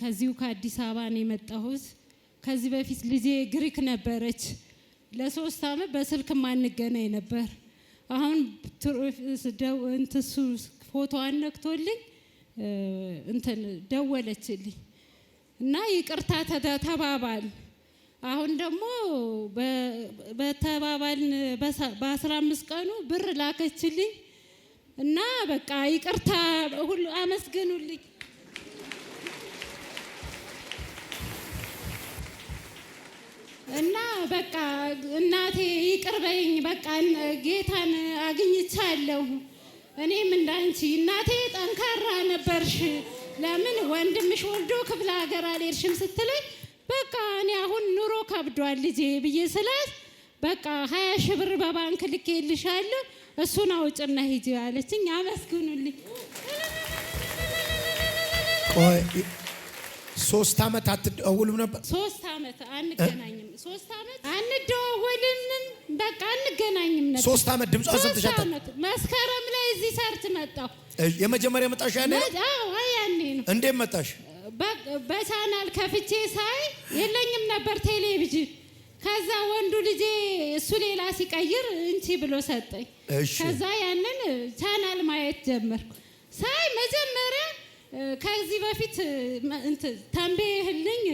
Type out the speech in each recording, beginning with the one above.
ከዚሁ ከአዲስ አበባ ነው የመጣሁት። ከዚህ በፊት ልጄ ግሪክ ነበረች። ለሶስት አመት በስልክ ማንገናኝ ነበር። አሁን እንትሱ ፎቶ አነክቶልኝ እንትን ደወለችልኝ እና ይቅርታ ተባባል። አሁን ደግሞ በተባባልን በአስራ አምስት ቀኑ ብር ላከችልኝ እና በቃ ይቅርታ አመስግኑልኝ። እና በቃ እናቴ ይቅር በቃ ጌታን አግኝቻለሁ። እኔም እንዳንቺ እናቴ ጠንካራ ነበርሽ፣ ለምን ወንድምሽ ወልዶ ክፍለ ሀገር አልሄድሽም ስትለኝ በቃ እኔ አሁን ኑሮ ከብዷል ልጄ ብዬ ስላት በቃ ሀያ ሺህ ብር በባንክ ልኬልሻለሁ እሱን አውጭና ሂጂ አለችኝ። አመስግኑልኝ። ሶስት ዓመት አትደውሉም ነበር? ሶስት ዓመት አንገናኝም፣ ሶስት ዓመት በቃ አንገናኝም ነበር። ሶስት ዓመት ድምጿ መስከረም ላይ እዚህ ሰርት መጣሁ። የመጀመሪያ መጣሽ? ያኔ ነው። ያኔ ነው። እንዴት መጣሽ? በቻናል ከፍቼ ሳይ የለኝም ነበር ቴሌቪዥን። ከዛ ወንዱ ልጄ እሱ ሌላ ሲቀይር እንቺ ብሎ ሰጠኝ። ከዛ ያንን ቻናል ማየት ጀመርኩ። ሳይ መጀመሪያ ከዚህ በፊት ተንቤ ህልኝ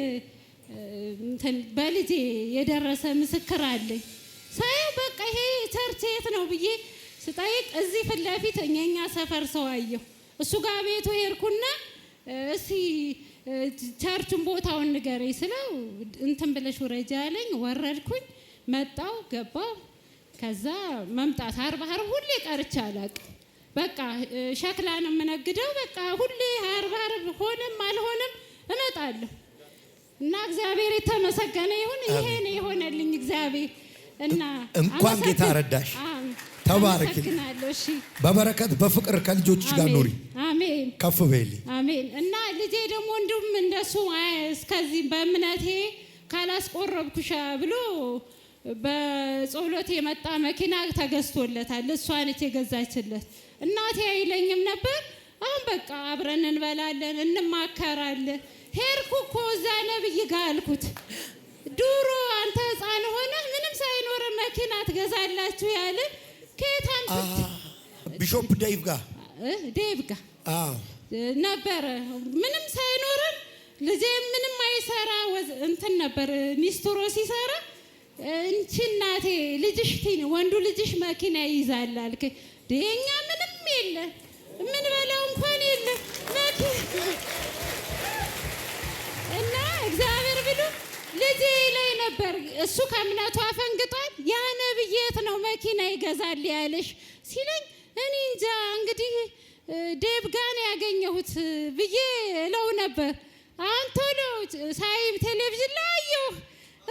በልጄ የደረሰ ምስክር አለኝ። ሳየው በቃ ይሄ ቸርች የት ነው ብዬ ስጠይቅ እዚህ ፊት ለፊት እኛኛ ሰፈር ሰው አየሁ። እሱ ጋር ቤቱ ሄድኩና እስቲ ቸርቹን ቦታውን ንገረኝ ስለው እንትን ብለሽ ውረጃ አለኝ። ወረድኩኝ፣ መጣው ገባው። ከዛ መምጣት አርባ አርብ ሁሌ ቀርቼ አላውቅም በቃ ሸክላ ነው የምነግደው። በቃ ሁሌ አርብ አርብ ሆነም አልሆነም እመጣለሁ እና እግዚአብሔር የተመሰገነ ይሁን። ይሄ ነው የሆነልኝ እግዚአብሔር እና እንኳን ጌታ ረዳሽ። ተባረክ። በበረከት በፍቅር ከልጆች ጋር ኑሪ። አሜን። ከፍ በይልኝ። አሜን። እና ልጄ ደግሞ እንዲሁም እንደሱ እስከዚህ በእምነቴ ካላስቆረብኩሻ ብሎ በጸሎት የመጣ መኪና ተገዝቶለታል። እሷ ነች የገዛችለት። እናቴ አይለኝም ነበር። አሁን በቃ አብረን እንበላለን፣ እንማከራለን። ሄድኩ እኮ እዛ ነብይ ጋ አልኩት። ድሮ አንተ ህፃን ሆነ ምንም ሳይኖር መኪና ትገዛላችሁ ያለ ከየት ቢሾፕ ዴቭ ጋ ዴቭ ጋ ነበረ ምንም ሳይኖረን ልጄ ምንም አይሰራ እንትን ነበር ሚስትሮ ሲሰራ እንቺ እናቴ ልጅሽ ቲን ወንዱ ልጅሽ መኪና ይይዛል አልክ። የእኛ ምንም የለ በለው እንኳን የለ እና እግዚአብሔር ብሎ ልጄ ላይ ነበር እሱ ከእምነቱ አፈንግጧል። ያ ነብየት ነው መኪና ይገዛል ያለሽ ሲለኝ እኔ እንጃ እንግዲህ ዴብ ጋን ያገኘሁት ብዬ እለው ነበር። አንቶሎ ሳይም ቴሌቪዥን ላይ አየሁ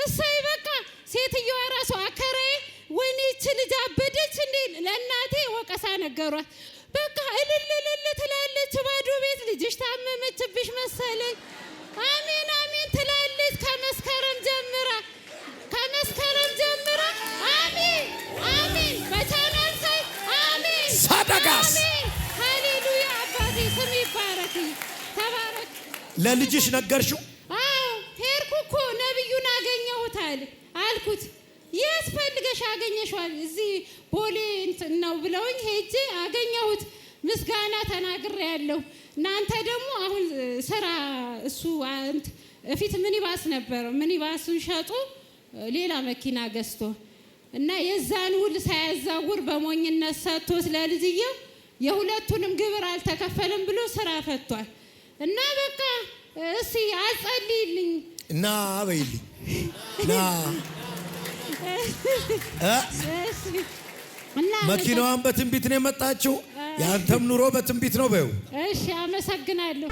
እሰይ በቃ ሴትዮዋ ራሷ አከራዬ ወይኔ ይቺ ልጅ አበደች እንዴ ለእናቴ ወቀሳ ነገሯት። በቃ እልል እልል ትላለች። ባዶ ቤት ልጅሽ ታመመችብሽ መሰለኝ። አሜን አሜን ትላለች። ከመስከረም ጀምራ ከመስከረም ጀምራ አሜን አሜን በቻናል ሳይ አሜን ሳደጋስ ሃሌሉያ። አባቴ ስም ይባረክ። ተባረክ። ለልጅሽ ነገርሽው ያገኘሁት ምስጋና ተናግሬ ያለሁ። እናንተ ደግሞ አሁን ስራ እሱ ፊት ምኒባስ ነበር። ሚኒባሱን ሸጦ ሌላ መኪና ገዝቶ እና የዛን ውል ሳያዛውር በሞኝነት ሰጥቶ ስለልጅየው የሁለቱንም ግብር አልተከፈልም ብሎ ስራ ፈቷል። እና በቃ እስኪ አጸልይልኝ እና አበይልኝ መኪናዋን በትንቢት ነው የመጣችው። የአንተም ኑሮ በትንቢት ነው በይው። እሺ፣ አመሰግናለሁ።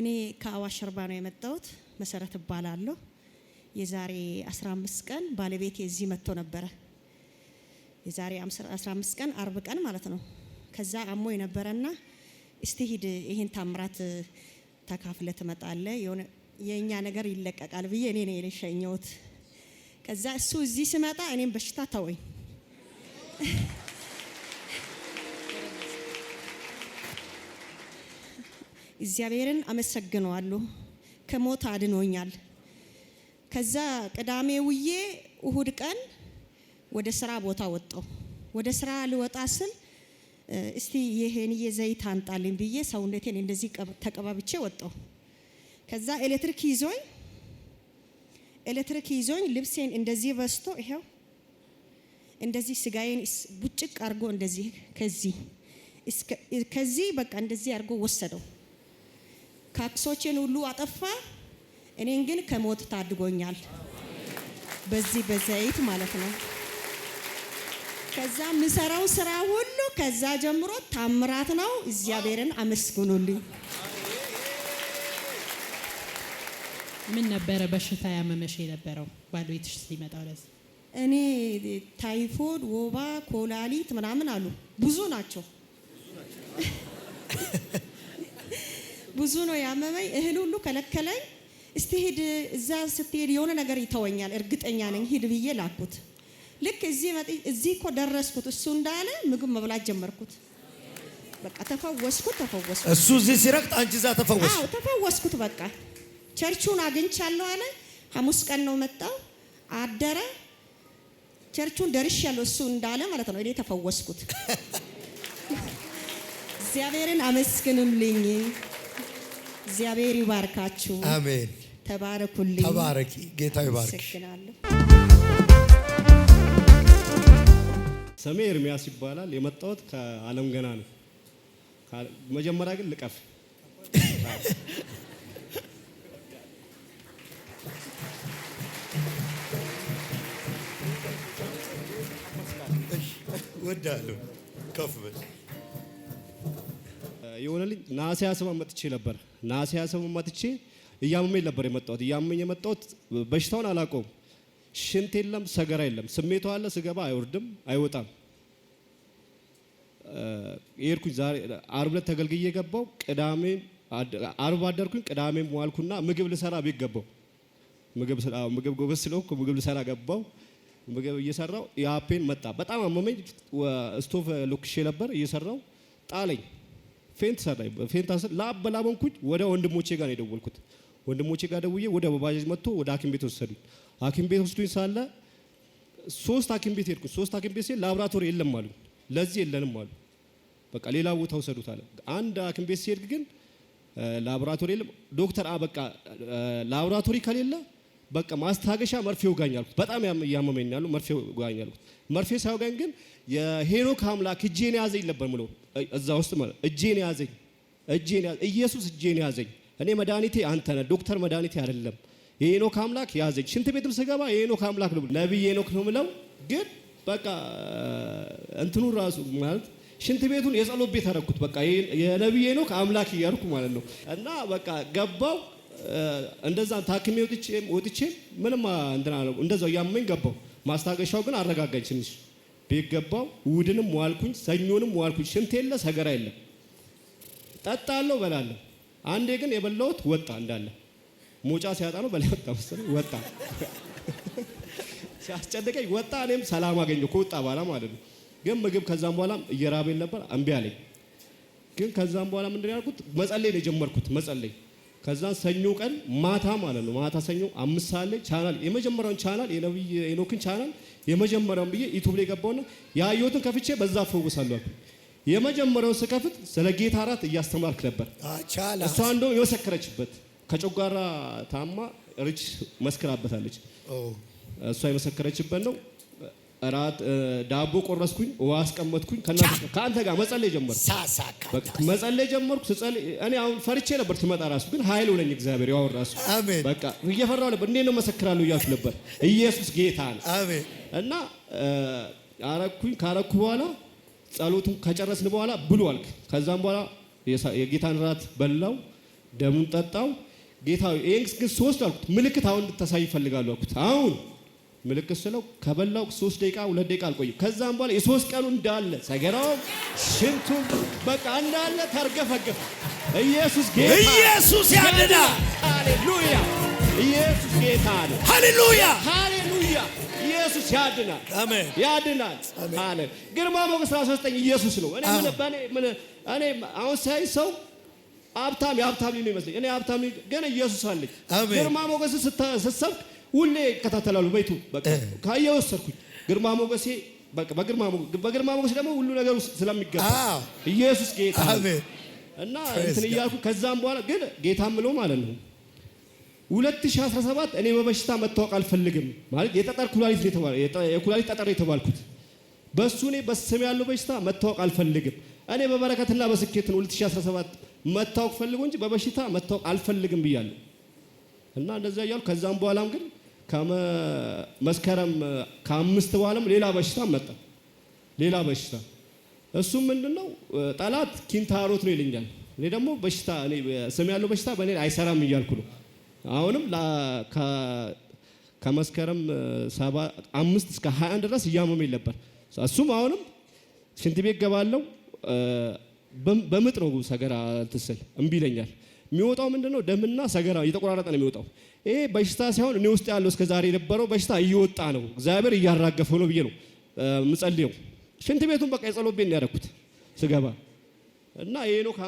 እኔ ከአዋሽ እርባ ነው የመጣሁት። መሰረት እባላለሁ። የዛሬ 15 ቀን ባለቤቴ እዚህ መጥቶ ነበረ። የዛሬ 15 ቀን አርብ ቀን ማለት ነው። ከዛ አሞ የነበረና እስቲ ሂድ ይሄን ታምራት ተካፍለ ትመጣለ የእኛ ነገር ይለቀቃል ብዬ እኔ ነው የሸኘሁት። ከዛ እሱ እዚህ ስመጣ እኔም በሽታ ተወኝ። እግዚአብሔርን አመሰግነዋለሁ። ከሞት አድኖኛል። ከዛ ቅዳሜ ውዬ እሁድ ቀን ወደ ስራ ቦታ ወጣው። ወደ ስራ ልወጣ ስል እስቲ ይሄንዬ ዘይት አንጣልኝ ብዬ ሰውነቴን እንደዚህ ተቀባብቼ ወጣው። ከዛ ኤሌክትሪክ ይዞኝ ኤሌክትሪክ ይዞኝ ልብሴን እንደዚህ በስቶ ይኸው እንደዚህ ስጋዬን ቡጭቅ አርጎ እንደዚህ ከዚህ ከዚህ በቃ እንደዚህ አርጎ ወሰደው። ካክሶችን ሁሉ አጠፋ። እኔን ግን ከሞት ታድጎኛል። በዚህ በዘይት ማለት ነው። ከዛ የምሰራው ስራ ሁሉ ከዛ ጀምሮ ታምራት ነው። እግዚአብሔርን አመስግኑልኝ። ምን ነበረ በሽታ ያመመሽ የነበረው ባለቤትሽ ሲመጣ ወደዚህ? እኔ ታይፎድ፣ ወባ፣ ኮላሊት ምናምን አሉ። ብዙ ናቸው፣ ብዙ ነው ያመመኝ። እህል ሁሉ ከለከለኝ። እስቲ ሂድ፣ እዛ ስትሄድ የሆነ ነገር ይተወኛል፣ እርግጠኛ ነኝ፣ ሂድ ብዬ ላኩት። ልክ እዚህ እኮ ደረስኩት። እሱ እንዳለ ምግብ መብላት ጀመርኩት። በቃ ተፈወስኩት፣ ተፈወስኩት። እሱ እዚህ ሲረግጥ አንቺ እዛ ተፈወስኩት፣ ተፈወስኩት በቃ ቸርቹን አግኝቻለሁ አለ። ሐሙስ ቀን ነው መጣው አደረ። ቸርቹን ደርሻለሁ እሱ እንዳለ ማለት ነው። እኔ ተፈወስኩት። እግዚአብሔርን አመስግኑልኝ። እግዚአብሔር ይባርካችሁ። አሜን። ተባረኩልኝ። ተባረኪ። ጌታ ይባርክ። ስሜ ኤርሚያስ ይባላል። የመጣሁት ከአለም ገና ነው። መጀመሪያ ግን ልቀፍ ወዳለሁ ከፍ በል የሆነልኝ ነሐሴ ሃያ ሰባት መጥቼ ነበር። ነሐሴ ሃያ ሰባት መጥቼ እያመመኝ ነበር የመጣሁት። እያመመኝ የመጣሁት በሽታውን አላውቀውም። ሽንት የለም፣ ሰገራ የለም። ስሜቱ አለ፣ ስገባ አይወርድም፣ አይወጣም። የሄድኩኝ ዛሬ አርብ ዕለት ተገልግዬ ገባሁ። ቅዳሜ ዓርብ አደርኩኝ፣ ቅዳሜም ዋልኩና ምግብ ልሰራ ቤት ገባሁ። ምግብ ጎበዝ ስለሆንኩ ምግብ ልሰራ ገባሁ። ምግብ እየሰራው የአፔን መጣ። በጣም አመመኝ። ስቶቭ ሎክሼ ነበር እየሰራው ጣለኝ። ፌንት ሰራኝ። ፌንት ላብ በላመንኩኝ። ወደ ወንድሞቼ ጋር ነው የደወልኩት። ወንድሞቼ ጋር ደውዬ ወደ ባጃጅ መጥቶ ወደ ሐኪም ቤት ወሰዱኝ። ሐኪም ቤት ወስዱኝ ሳለ ሶስት ሐኪም ቤት ሄድኩ። ሶስት ሐኪም ቤት ሲሄድ ላብራቶሪ የለም አሉ። ለዚህ የለንም አሉ። በቃ ሌላ ቦታ ወሰዱት አለ። አንድ ሐኪም ቤት ሲሄድ ግን ላብራቶሪ የለም። ዶክተር በቃ ላብራቶሪ ከሌለ በቃ ማስታገሻ መርፌ ወጋኝ አልኩት። በጣም ያመመኝ ያሉ መርፌ ወጋኝ አልኩት። መርፌ ሳይወጋኝ ግን የሄኖክ አምላክ እጄን ያዘኝ ነበር ምሎ እዛ ውስጥ ማለት እጄን ያዘኝ፣ እጄን ያዘኝ፣ ኢየሱስ እጄን ያዘኝ። እኔ መድኃኒቴ አንተ ነህ ዶክተር መድኃኒቴ አይደለም። የሄኖክ አምላክ ያዘኝ። ሽንት ቤትም ስገባ የሄኖክ አምላክ ነው ነቢይ ሄኖክ ነው ምለው ግን በቃ እንትኑ ራሱ ማለት ሽንት ቤቱን የጸሎት ቤት አደረኩት። በቃ የነቢይ ሄኖክ አምላክ እያልኩ ማለት ነው። እና በቃ ገባው እንደዛ ታክሜ ወጥቼ ወጥቼ ምንም እንትና ነው እንደዛው እያመኝ ገባው። ማስታገሻው ግን አረጋጋኝ። ትንሽ ቤት ገባው። እሑድንም ዋልኩኝ፣ ሰኞንም ዋልኩኝ። ሽንት የለ ሰገራ የለ፣ ጠጣለሁ፣ በላለሁ። አንዴ ግን የበላሁት ወጣ እንዳለ ሞጫ ሲያጣ ነው በላይ ወጣ መሰለኝ። ወጣ ሲያስጨንቀኝ ወጣ። እኔም ሰላም አገኘሁ ከወጣ በኋላ ማለት ነው። ግን ምግብ ከዛም በኋላ እየራበኝ ነበር፣ እምቢ አለኝ። ግን ከዛም በኋላ ምንድን ያልኩት መጸለይ ነው የጀመርኩት መጸለይ ከዛ ሰኞ ቀን ማታ ማለት ነው ማታ ሰኞ አምስት ሰዓት ላይ ቻናል የመጀመሪያውን ቻናል የነብይ ኤኖክን ቻናል የመጀመሪያውን ብዬ ዩቱብ ላይ ገባውና ያየሁትን ከፍቼ በዛ ፈውሳለሁ አልኩ። የመጀመሪያውን ስከፍት ስለ ጌታ እራት እያስተማርክ ነበር። እሷ እንደውም የመሰከረችበት ከጨጓራ ታማ ርች መስክራበታለች። እሷ የመሰከረችበት ነው። ራት ዳቦ ቆረስኩኝ፣ ውሃ አስቀመጥኩኝ። ከአንተ ጋር መጸለይ ጀመርኩ፣ መጸለይ ጀመርኩ። እኔ አሁን ፈርቼ ነበር ትመጣ ራሱ ግን ኃይል ሆነኝ እግዚአብሔር። ያው ራሱ በቃ እየፈራሁ ነበር። እንዴት ነው መሰክራለሁ እያልኩ ነበር። ኢየሱስ ጌታ ነው። እና አረኩኝ። ካረኩ በኋላ ጸሎቱን ከጨረስን በኋላ ብሉ አልክ። ከዛም በኋላ የጌታን ራት በላው፣ ደሙን ጠጣው። ጌታ ይህን ግን ሶስት አልኩት፣ ምልክት አሁን እንድታሳይ ይፈልጋሉ አልኩት አሁን ምልክት ስለው ከበላው ሶስት ደቂቃ ሁለት ደቂቃ አልቆይም። ከዛም በኋላ የሶስት ቀኑ እንዳለ ሰገራው ሽንቱ በቃ እንዳለ ተርገፈገፈ። ኢየሱስ ጌታ፣ ኢየሱስ ያድና። ሃሌሉያ! ኢየሱስ ጌታ ነው። ሃሌሉያ! ሃሌሉያ! ኢየሱስ ያድናል። አሜን! ያድናል። አሜን! ግርማ ሞገስ 13 ኢየሱስ ነው። እኔ ምን እኔ አሁን ሳይ ሰው ሀብታም የሀብታም ልጅ ነው ይመስለኝ። እኔ ሀብታም ልጅ ግን ኢየሱስ አለኝ። ግርማ ሞገስ ስትሰብክ ሁሌ ይከታተላሉ። ቤቱ ካየ ወሰድኩኝ ግርማ ሞገሴ በግርማ ሞገስ ደግሞ ሁሉ ነገር ስለሚገባ ኢየሱስ ጌታ እና እንትን እያልኩ ከዛም በኋላ ግን ጌታ ምለው ማለት ነው 2017 እኔ በበሽታ መታወቅ አልፈልግም ማለት የጠጠር ኩላሊት የኩላሊት ጠጠር የተባልኩት በሱ እኔ በስም ያለው በሽታ መታወቅ አልፈልግም። እኔ በበረከትና በስኬት ነው 2017 መታወቅ ፈልጎ እንጂ በበሽታ መታወቅ አልፈልግም ብያለሁ እና እንደዚያ እያልኩ ከዛም በኋላም ግን መስከረም ከአምስት በኋላም ሌላ በሽታ መጣ። ሌላ በሽታ እሱም ምንድን ጠላት ኪንታሮት ነው ይለኛል። እኔ ደግሞ በሽታ ስም ያለው በሽታ በእኔ አይሰራም እያልኩ ነው። አሁንም ከመስከረም አምስት እስከ 21 ድረስ እያመመኝ ነበር። እሱም አሁንም ሽንት ቤት ገባለው በምጥ ነው ሰገራ ትስል እምቢ ይለኛል። የሚወጣው ምንድነው? ደምና ሰገራ እየተቆራረጠ ነው የሚወጣው። ይሄ በሽታ ሳይሆን እኔ ውስጥ ያለው እስከ ዛሬ የነበረው በሽታ እየወጣ ነው፣ እግዚአብሔር እያራገፈው ነው ብዬ ነው ምጸልየው። ሽንት ቤቱን በቃ የጸሎት ቤት ነው ያደረኩት ስገባ እና የኖክ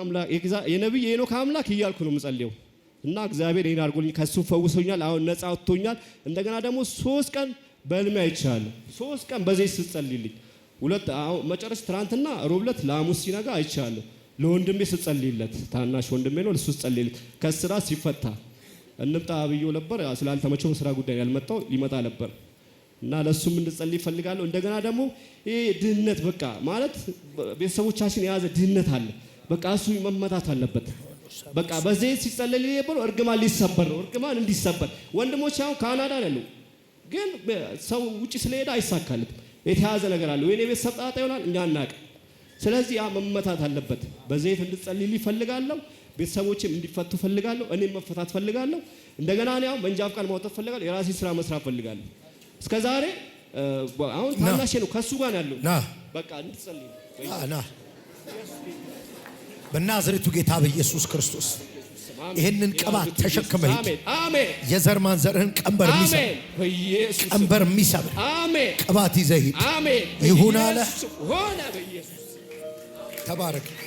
የኖክ አምላክ እያልኩ ነው ምጸልየው እና እግዚአብሔር ይህን አድርጎልኝ ከሱ ፈውሶኛል። አሁን ነፃ ወጥቶኛል። እንደገና ደግሞ ሶስት ቀን በህልሜ አይቻለሁ። ሶስት ቀን በዚህ ስትጸልይልኝ ሁለት መጨረስ ትናንትና ሮብለት ለሐሙስ ሲነጋ አይቻለሁ። ለወንድሜ ስጸልይለት ታናሽ ወንድሜ ነው ለሱ ስጸልይለት ከስራ ሲፈታ እንምጣ ብዬው ነበር። ስላልተመቸው ስራ ጉዳይ ያልመጣው ሊመጣ ነበር እና ለሱም እንድጸልይ ይፈልጋለሁ። እንደገና ደግሞ ይሄ ድህነት በቃ ማለት ቤተሰቦቻችን የያዘ ድህነት አለ። በቃ እሱ መመታት አለበት። በቃ በዚህ ሲጸለይ ይበሉ እርግማን ሊሰበር ነው። እርግማን እንዲሰበር ወንድሞች አሁን ካናዳ ያሉ ግን ሰው ውጭ ስለሄደ አይሳካለትም። የተያዘ ነገር አለ። ወይኔ ቤተሰብ ጣጣ ይሆናል እኛ አናውቅም። ስለዚህ ያ መመታት አለበት። በዘይት እንድጸልይልኝ እፈልጋለሁ። ቤተሰቦችም እንዲፈቱ እፈልጋለሁ። እኔም መፈታት እፈልጋለሁ። እንደገና እኔ አሁን መንጃ ፈቃድ ማውጣት እፈልጋለሁ። የራሴን ስራ መስራት እፈልጋለሁ። እስከ ዛሬ አሁን ታናሼ ነው ከሱ ጋር ያለው ና በቃ እንድጸልይ ና በናዝሬቱ ጌታ በኢየሱስ ክርስቶስ ይህንን ቅባት ተሸክመህ ሂድ። የዘር ማንዘርህን ቀንበር የሚሰብር ቀንበር የሚሰብር ቅባት ይዘህ ሂድ። ይሁን አለ። በኢየሱስ ተባረክ።